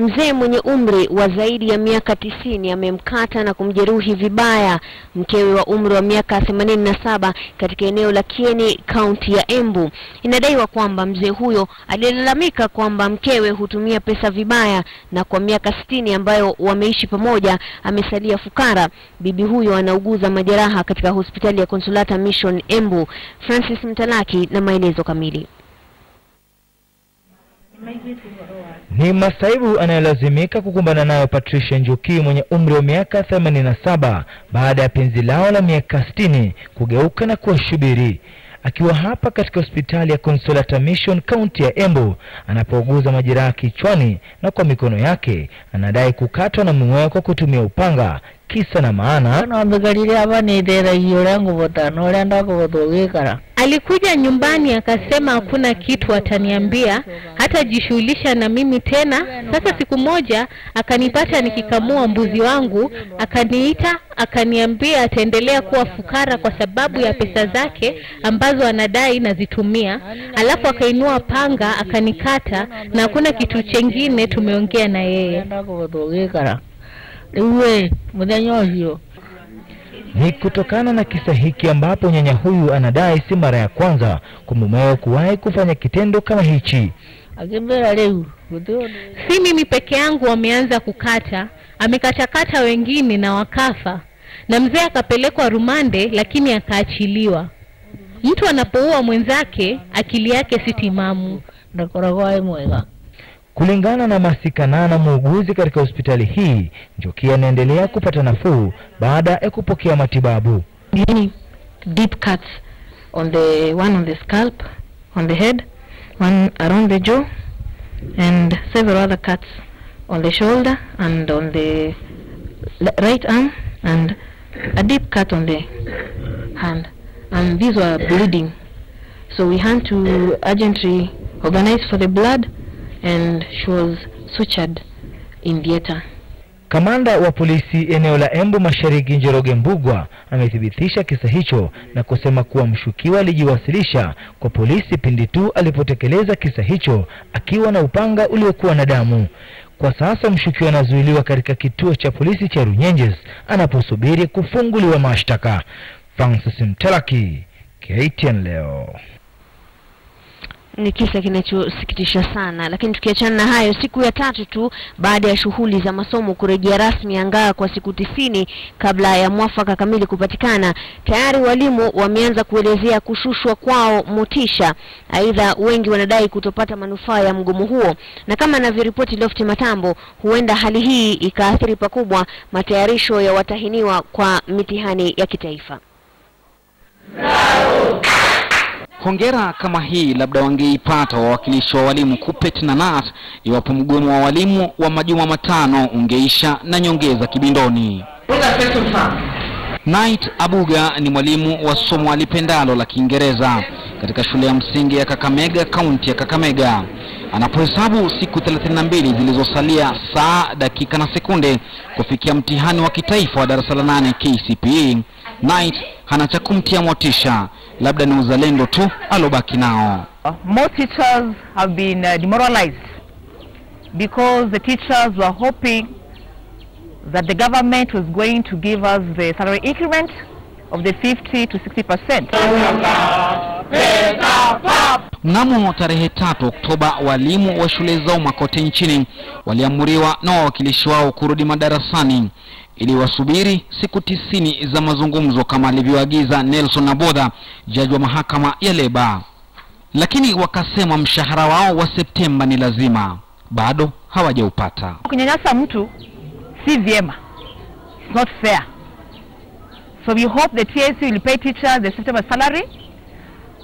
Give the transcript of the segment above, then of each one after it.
Mzee mwenye umri wa zaidi ya miaka tisini amemkata na kumjeruhi vibaya mkewe wa umri wa miaka themanini na saba katika eneo la Kieni, kaunti ya Embu. Inadaiwa kwamba mzee huyo alilalamika kwamba mkewe hutumia pesa vibaya na kwa miaka sitini ambayo wameishi pamoja amesalia fukara. Bibi huyo anauguza majeraha katika hospitali ya Consolata Mission Embu. Francis Mtalaki na maelezo kamili. Ni masaibu anayolazimika kukumbana nayo Patricia Njuki mwenye umri wa miaka 87 baada ya penzi lao la miaka 60 kugeuka na kuwa shubiri. Akiwa hapa katika hospitali ya Consolata Mission kaunti ya Embu, anapouguza majeraha kichwani na kwa mikono yake, anadai kukatwa na mumewe kwa kutumia upanga. Kisa na maana, Alikuja nyumbani akasema hakuna kitu ataniambia, hata jishughulisha na mimi tena. Sasa siku moja akanipata nikikamua mbuzi wangu, akaniita akaniambia ataendelea kuwa fukara kwa sababu ya pesa zake ambazo anadai nazitumia. Alafu akainua panga akanikata, na hakuna kitu chengine tumeongea na yeye ni kutokana na kisa hiki ambapo nyanya huyu anadai si mara ya kwanza kwa mumeo kuwahi kufanya kitendo kama hichi. Si mimi peke yangu wameanza kukata, amekatakata wengine na wakafa, na mzee akapelekwa rumande lakini akaachiliwa. Mtu anapoua mwenzake akili yake si timamu. mwega Kulingana na Masikanana, muuguzi katika hospitali hii, Njoki anaendelea kupata nafuu baada ya kupokea matibabu. Many deep cuts on the one on the scalp, on the head, one around the jaw and several other cuts on the shoulder and on the right arm and a deep cut on the hand and these were bleeding so we had to urgently organize for the blood and she was sutured in theater. Kamanda wa polisi eneo la Embu Mashariki Njoroge Mbugwa amethibitisha kisa hicho na kusema kuwa mshukiwa alijiwasilisha kwa polisi pindi tu alipotekeleza kisa hicho akiwa na upanga uliokuwa na damu. Kwa sasa mshukiwa anazuiliwa katika kituo cha polisi cha Runyenjes anaposubiri kufunguliwa mashtaka. Francis Mtalaki, KTN leo. Ni kisa kinachosikitisha sana. Lakini tukiachana na hayo, siku ya tatu tu baada ya shughuli za masomo kurejea rasmi angaa kwa siku tisini kabla ya mwafaka kamili kupatikana, tayari walimu wameanza kuelezea kushushwa kwao motisha. Aidha, wengi wanadai kutopata manufaa ya mgomo huo, na kama anavyoripoti Lofti Matambo, huenda hali hii ikaathiri pakubwa matayarisho ya watahiniwa kwa mitihani ya kitaifa. Bravo! Hongera kama hii labda wangeipata wawakilishi wa walimu KUPPET na NAT iwapo mgomo wa walimu wa majuma matano ungeisha na nyongeza kibindoni. Knight Abuga ni mwalimu wa somo alipendalo la Kiingereza katika shule ya msingi ya Kakamega, kaunti ya Kakamega. Anapohesabu siku 32 zilizosalia, saa, dakika na sekunde kufikia mtihani wa kitaifa wa darasa la nane KCPE, Knight hana cha kumtia motisha, labda ni uzalendo tu alobaki nao. Uh, most teachers have been uh, demoralized because the teachers were hoping that the government was going to give us the salary increment of the 50 to 60 percent. Mnamo tarehe tatu Oktoba, walimu wa shule za umma kote nchini waliamuriwa na wawakilishi wao kurudi madarasani ili wasubiri siku tisini za mazungumzo kama alivyoagiza Nelson Abodha, jaji wa mahakama ya leba. Lakini wakasema mshahara wao wa Septemba ni lazima, bado hawajaupata. Kunyanyasa mtu si vyema, it's not fair. So we hope the TSC will pay teacher the September salary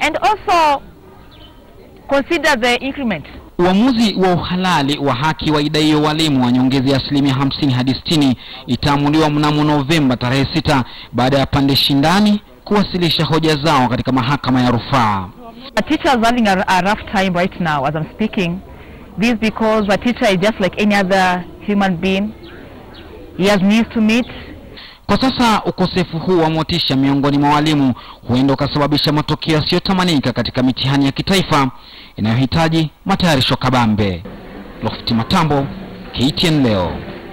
and also consider the increment Uamuzi wa uhalali wa haki wa idai ya walimu wa nyongeza ya asilimia hamsini hadi 60 itaamuliwa mnamo Novemba tarehe sita baada ya pande shindani kuwasilisha hoja zao katika mahakama ya rufaa. Teachers having a, a rough time right now as I'm speaking. This because a teacher is just like any other human being. He has needs to meet. Kwa sasa ukosefu huu wa motisha miongoni mwa walimu huenda ukasababisha matokeo yasiyotamanika katika mitihani ya kitaifa inayohitaji matayarisho kabambe. Lofti Matambo, KTN leo.